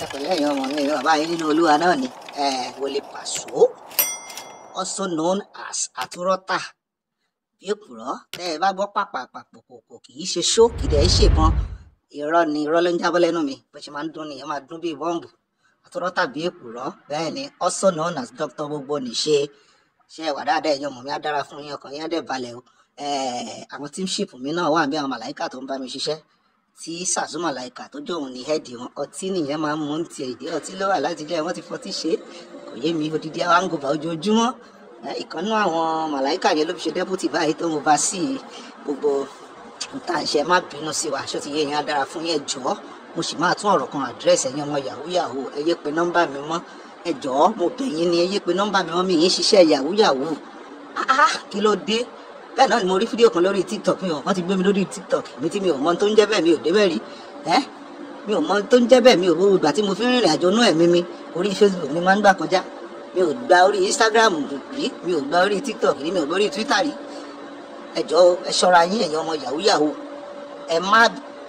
ẹ pẹ̀lú ọmọ mi bàbá yín nínú olúwa náà ni Wọlé Pàsó also known as àtúrọ́tà bí èkùrọ́ tẹ́ ẹ bá gbọ́ pàpàpàpòpò kì í ṣe ṣó kì í dẹ̀ ṣèbọn irọ́ ni irọ́ ló ń jábọ́ lẹ́nu mi bó ṣe máa ń dún nìyẹn máa dún bíi bọ́ǹbù àtúrọ́tà bí èkùrọ́ bẹ́ẹ̀ ni also known as Doctor gbogbo nìṣe ṣe wà dáadáa ẹ̀yin ọmọ mi á dára fún yín ọkàn yín á dẹ̀ balẹ̀ o àwọn tíṣípù mi náà wà bí àwọn màláìkà tó ń bá mi ṣiṣẹ́ tí sàzúmọ̀láìkà tó jọ òun ní hẹ́ẹ̀dì wọn ọtí nìyẹn máa ń mú ní tiẹ̀ ìdí ọtí ló wà láti ilé wọn ti fọtí ṣe kò yé mi odidi awangova ojoojúmọ́ ìkànnú àwọn màláìkà yẹn ló fi ṣe dẹ́pútì báyìí tó ń bá sí gbogbo nta ṣe má bínú sí wa aṣọ ti yé yẹn á dára fún yẹn jọ̀ọ́ mo sì máa tún ọ̀rọ̀ kan àdírẹ́sì ẹ̀yin ọmọ yahoo ẹ yé pe nọ́mbà mi mọ́ ẹ jọ̀ọ́ mo bẹ̀ ni ẹ yé pe nọ́mbà mi mọ́ mi yín ṣiṣẹ́ yahoo yahoo ah, ah kí ló dé bẹ́ẹ̀ náà ni mo rí fídíò kan lórí tiktok mi ò wọ́n ti gbé mi lórí tiktok mi tí mi ò mọ tó ń jẹ́ bẹ́ẹ̀ mi ò débẹ̀ rí ẹ́ mi ò mọ tó ń jẹ́ bẹ́ẹ̀ mi ò rú ìgbà tí mo fi rìnrìn àjò náà ẹ̀mí mi orí facebook ni máa ń gbà kọjá mi ò gba orí instagram rí mi ò gba orí tiktok rí mi ò gba twitter rí ẹ jọ̀ọ́ ẹ ṣọ́ra yín ẹ̀yin ọmọ yahoo yahoo ẹ má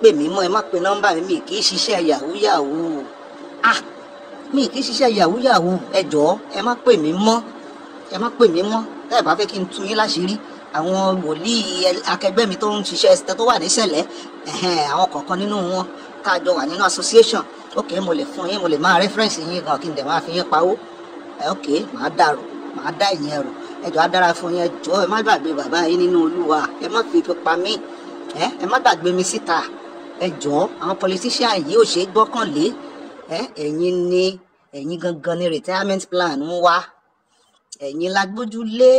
pè mí mọ́ ẹ má pe nọ́mbà mi mi kì í ṣiṣẹ́ yahoo yahoo ah mi kì í ṣiṣẹ́ yahoo yahoo ẹ jọ̀ọ́ ẹ má pè mí mọ́ ẹ má pè mí mọ́ ẹ bá fẹ́ kí n tú yín láṣìírí àwọn wòlíì akẹgbẹ́ mi tó ń ṣiṣẹ́ tó wà níṣẹ̀lẹ̀ àwọn kọ̀ọ̀kan nínú wọn tá wà nínú association ok mo lè fún yín mo lè máa reference yín gan kí n dẹ̀ máa fi yín pawó ok màá dàrú màá dá ìyẹn rò ẹjọ́ á dára fún yín ẹjọ́ ẹ má gbàgbé bàbá yín nínú olúwa ẹ má fi pa mí ẹ má gbàgbé mi síta ẹjọ́ àwọn politician yìí ò ṣe é gbọ́kànlé ẹ̀yin ni ẹ̀yin gangan ni retirement plan ń wá ẹ̀yin la lé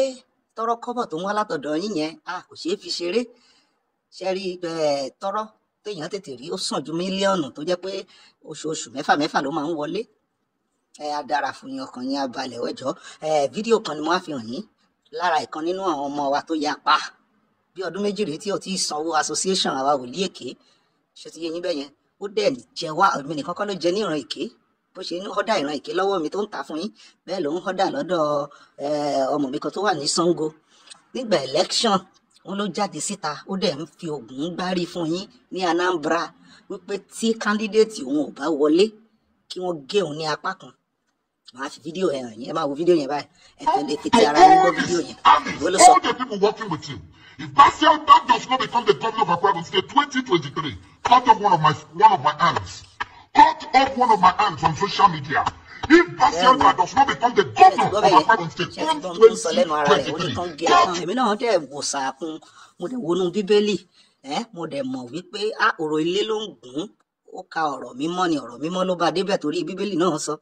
tọ́rọ́ kọ́bọ̀ tó ń wá látọ̀dọ̀ yín yẹn a kò ṣeé fi ṣeré ṣe rí tọ́rọ́ téèyàn tètè rí ó sàn ju mílíọ̀nù tó jẹ́ pé oṣooṣù mẹ́fà mẹ́fà ló máa ń wọlé ẹ adara fún yín ọkàn yín abalẹ̀ wẹ́jọ́ ẹ fídíò kan ni mo á fi hàn yín lára ìkan nínú àwọn ọmọ wa tó yapa bí ọdún méjì rèé tí ò tí ì sanwó association àwa wòlíì èké ṣe ti yé yín bẹ́ẹ̀ yẹn ó dẹ̀ jẹ wá èmi nìkan kọ́ ló jẹ ní ìran èké bó ṣe ń họ́dà ìran ìké lọ́wọ́ mi tó ń tà fún yín bẹ́ẹ̀ ló ń họ́dà lọ́dọ̀ ọmọ mi kan tó wà ní Sango nígbà election wọn ló jáde síta ó dẹ̀ ń fi oògùn gbárí fún yín ní Anambra wípé tí kándídéètì òun ò bá wọlé kí wọ́n gé òun ní apá kan màá fi fídíò ẹ̀ hàn yín ẹ máa wo fídíò yẹn báyìí ẹ fẹ́ lè fi ti ara yín gbọ́ fídíò yẹn ìwé ló sọ. if Bassel that does not become the governor of Akwa State 2023 cut off one of my one of my hands cut off one of my hands on social media. If Basianga yeah, does not become the governor of Akwa State come 2023, cut. mo dẹ̀ wọnú bíbélì mo dẹ̀ mọ̀ wípé ọ̀rọ̀ ilé ló ń gùn ó ka ọ̀rọ̀ mímọ́ ni ọ̀rọ̀ mímọ́ ló bá débẹ̀ torí bíbélì náà sọ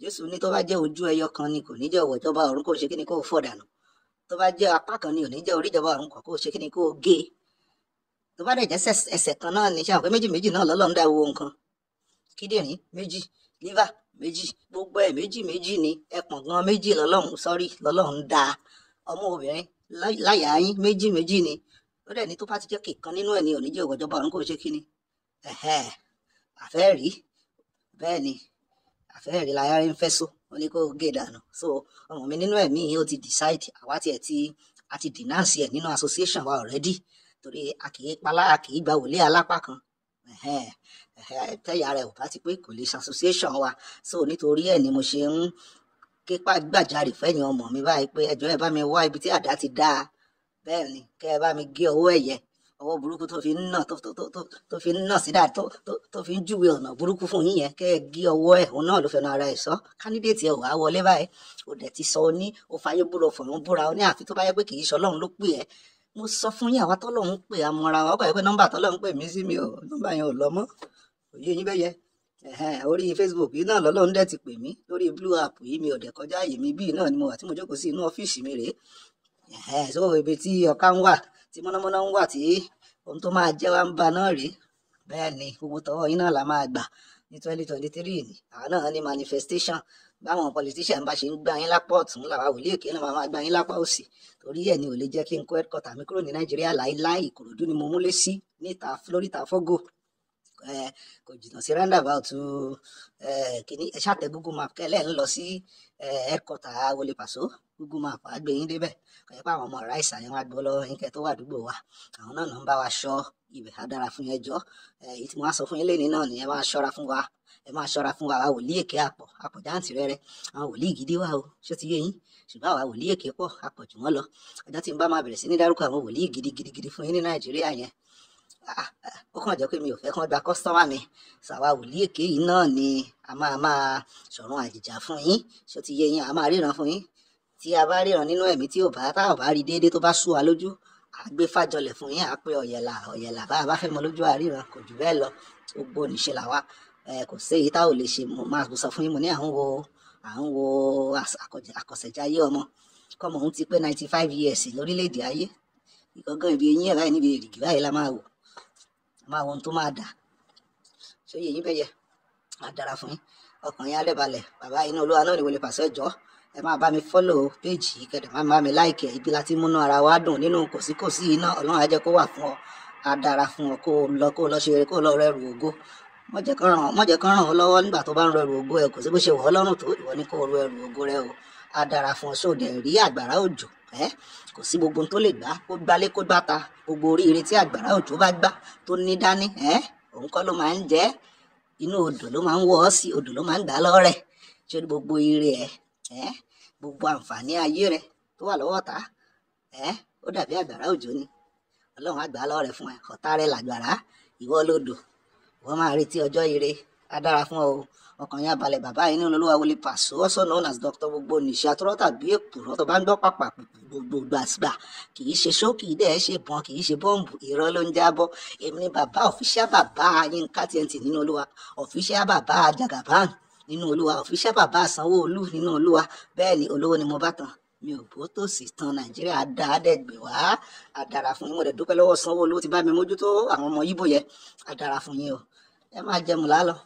jésù ní tó bá jẹ́ ojú ẹyọ kan ni kò ní jẹ́ ọ̀wọ̀ ìjọba ọ̀run kò ṣe kí ni kò fọ̀ dànù tó bá jẹ́ apá kan ni ò ní jẹ́ orí ìjọba ọ̀run kò ṣe kí ni kò gé tó bá dẹ̀ jẹ́ ẹsẹ̀ kan náà ní sáà pé méjì méjì náà lọ́lọ́run dá wo nǹkan kíndìnrín méjì liver méjì gbogbo ẹ̀ méjì méjì ni ẹpọ̀n gan méjì lọ́lọ́run sọ́rí lọ́lọ́run dá ọmọ obìnrin láyà yín méjì méjì ni ó dẹ̀ ní tó bá ti jẹ́ kìkan nínú ẹ̀ ni òní jẹ́ ògbọ́jọba òun kò ṣe kí ni àfẹ́ rí bẹ́ẹ̀ ni àfẹ́ rí láyà rí ń fẹ́ so ó ní kó gé e dànù so ọmọ mi nínú ẹ̀mí yìí ó ti decide àwa tiẹ̀ ti a ti denounce ẹ̀ nínú association wa already torí a kì í palá a kì í gba wòlé alápá kan tẹ́yà rẹ̀ ò bá ti pé kò lè ṣe association wa so nítorí ẹ̀ ni mo ṣe ń képa gbàjarè fẹ́yìn ọmọ mi báyìí pé ẹjọ́ ẹ bá mi wá ibi tí àdá ti dáa bẹ́ẹ̀ ni kẹ́ ẹ bá mi gé owó ẹ̀yẹ ọwọ́ burúkú tó fi ń nà tó fi ń nà sí dáa tó fi ń júwe ọ̀nà burúkú fún yín yẹn kẹ́ ẹ gé ọwọ́ ẹ̀ òun náà ló fẹnu ara ẹ̀ sọ kandidate ẹ̀ ò wá wọlé báyìí ò dẹ̀ ti sọ ọ ní o fàyè búrọ̀ fọ̀rọ̀ búra ọ ní àfi tó bá yẹ pé kì í ṣe ọlọ́run ló mo sọ fún yín àwa tọ́lọ́run pè á mọ́ra wa ó gbàgbé pé nọ́mbà tọ́lọ́run pè mí sí mi ò nọ́mbà yẹn ò lọ mọ́ òye yín bẹ́yẹ orí Facebook yìí náà lọ́lọ́run dẹ̀ ti pè mí lórí blue app yìí mi ò dẹ̀ kọjá àyè mi bíi náà ni mo wà tí mo jókòó sí inú ọ́fíìsì mi rèé so ibi tí ọ̀ká ń wà tí mọ́nàmọ́ná ń wà tí ohun tó máa jẹ́ wá ń ba náà rèé bẹ́ẹ̀ ni gbogbo tọwọ́ yín náà la máa gbà ní twenty twenty three ni àwọn náà ní manifestation báwọn politician bá ṣe ń gbá yín lápá ọ̀tún làwa wòlíì èké náà máa gbá yín lápá òsì torí ẹ̀ ni ò lè jẹ́ kí n kó headquarter mi kúrò ní nàìjíríà láéláé ìkòròdú ni mo múlé sí níta florida fọ́gò Eh, kò jìnnà sí roundabout eh, kìíní ẹ ṣàtẹ google map kẹlẹ́ ń lọ sí ẹ̀ẹ́kọ̀tà wọlé pàṣọ google map á gbé yín débẹ̀ kọ̀yẹ́ pé àwọn ọmọ ọ̀rá ìsà yẹn wá gbọ́ lọ yín kẹ́ tó wà àdúgbò wa àwọn náà ń bá wa ṣọ́ ibẹ̀ á dára fún yẹn jọ eh, èyí tí mo wá sọ fún yín lẹ́ni náà nìyẹn máa ṣọ́ra fún wa ẹ máa ṣọ́ra fún wa àwa wòlíì èké àpọ̀ àpọ̀ jáǹtì àwọn wòlíì gidi wa o ṣé ti yé yín ṣùgbọ́n àwa wòlíì èké pọ̀ àpọ̀ jù wọ́n lọ ọjọ́ tí n bá máa bẹ̀rẹ̀ sí ní dárúkọ àwọn wòlíì gidi gidi gidi fún yín ní nàìjíríà yẹn ó kàn jẹ́ pé mi ò fẹ́ kán gba kọ́sítọ́mà mi ṣàwa wòlíì èké yìí náà ni a máa máa sọ̀rọ̀ àjèjà fún yín ṣó ti yé yín a máa ríran fún yín tí a bá ríran nínú ẹ̀mí tí ò bá tá ò bá rí déédéé tó bá sú wa lójú à gbé fàjọlẹ̀ fún yín à pé ọ̀yẹ̀là ọ̀yẹ̀là bá a bá fẹ́ mọ lójú àríran kò jù bẹ́ẹ̀ lọ gbogbo níṣe làwa kò sí èyí tá ò lè ṣe máa sọ fún yín mo ní à ń wo à ń wo àkọ̀ṣẹ̀jáyé ọmọ kọ́mọ òun ti pé ninety five years lórílẹ̀‐èdè ayé ìgangan ìbí eyín ẹ̀ báyìí níbi èrìgì báyìí la máa wò máa wọn tó máa dà ṣé yẹ yín bẹ́yẹ máa dára fún yín ọkùnrin alẹ́balẹ̀ bàbá iná olúwa náà ni wọlé pàṣẹ jọ ẹ máa bá mi fọ́lọ̀ péjì yìí kẹ̀dẹ̀ máa bá mi láìkẹ́ ibi láti múnú ara wa dùn nínú kòsíkòsí iná ọlọ́run á jẹ́ kó wà fún ọ á dára fún ọ kó lọ kó lọ ṣe eré kó lọ rẹrù ògo mọ̀jẹ̀ kan ràn ọ́ lọ́wọ́ nígbà tó bá ń rẹrù ògo ẹ kò sí bó ṣe wọ̀ ọ́ tó ìwọ ni kó rẹrù ògo rẹ o á dára fún ọ sóde rí àgbàrá òjò ẹ kò sí gbogbo tó lè gbá kó gbálé kó gbáta gbogbo oríire tí àgbàrá òjò bá gbá tó ní dání ẹ òun kọ́ ló máa ń jẹ inú odò ló máa ń wọ̀ ọ́ sí odò ló máa ń gbà lọ́rẹ̀ ṣé gbogbo ire ẹ ẹ gbogbo àǹfààní ayé rẹ tó wà lọ́wọ́ ta ẹ ó dàbí àgbàrá òjò ni ọlọ́run àgbà lọ́rẹ̀ fún ẹ ọ̀tá rẹ làgbàrá ìwọ lodò wọ́n máa retí ọjọ́ ire á fún ọ o ọkàn yẹn abalẹ̀ bàbá yìí ní olólùwà wọlé pàṣẹ also known as Dr. gbogbo nìṣẹ́ àtúrọ́ tàbí èkùrọ́ tó bá ń gbọ́ pàpà gbogbo gbàgbà kì í ṣe ṣókì dẹ́ ẹ ṣe bọ́n kì í ṣe bọ́ǹbù irọ́ ló ń jábọ́ èmi ni bàbá ọ̀fíṣà bàbá Yínká TNT nínú olúwa ọ̀fíṣà bàbá Jagaban nínú olúwa ọ̀fíṣà bàbá sanwó nínú olúwa bẹ́ẹ̀ ni olówó ni mo bá tán mi ò bó tòsí tan nàìjíríà dá àdẹ́gbẹ̀ wá àdàrà fún yín mo dẹ̀ dúpẹ́ lọ́wọ́ sanwó ti bá mi mójútó àwọn ọmọ yíbò yẹ àdàrà fún yín o ẹ máa jẹun lálọ́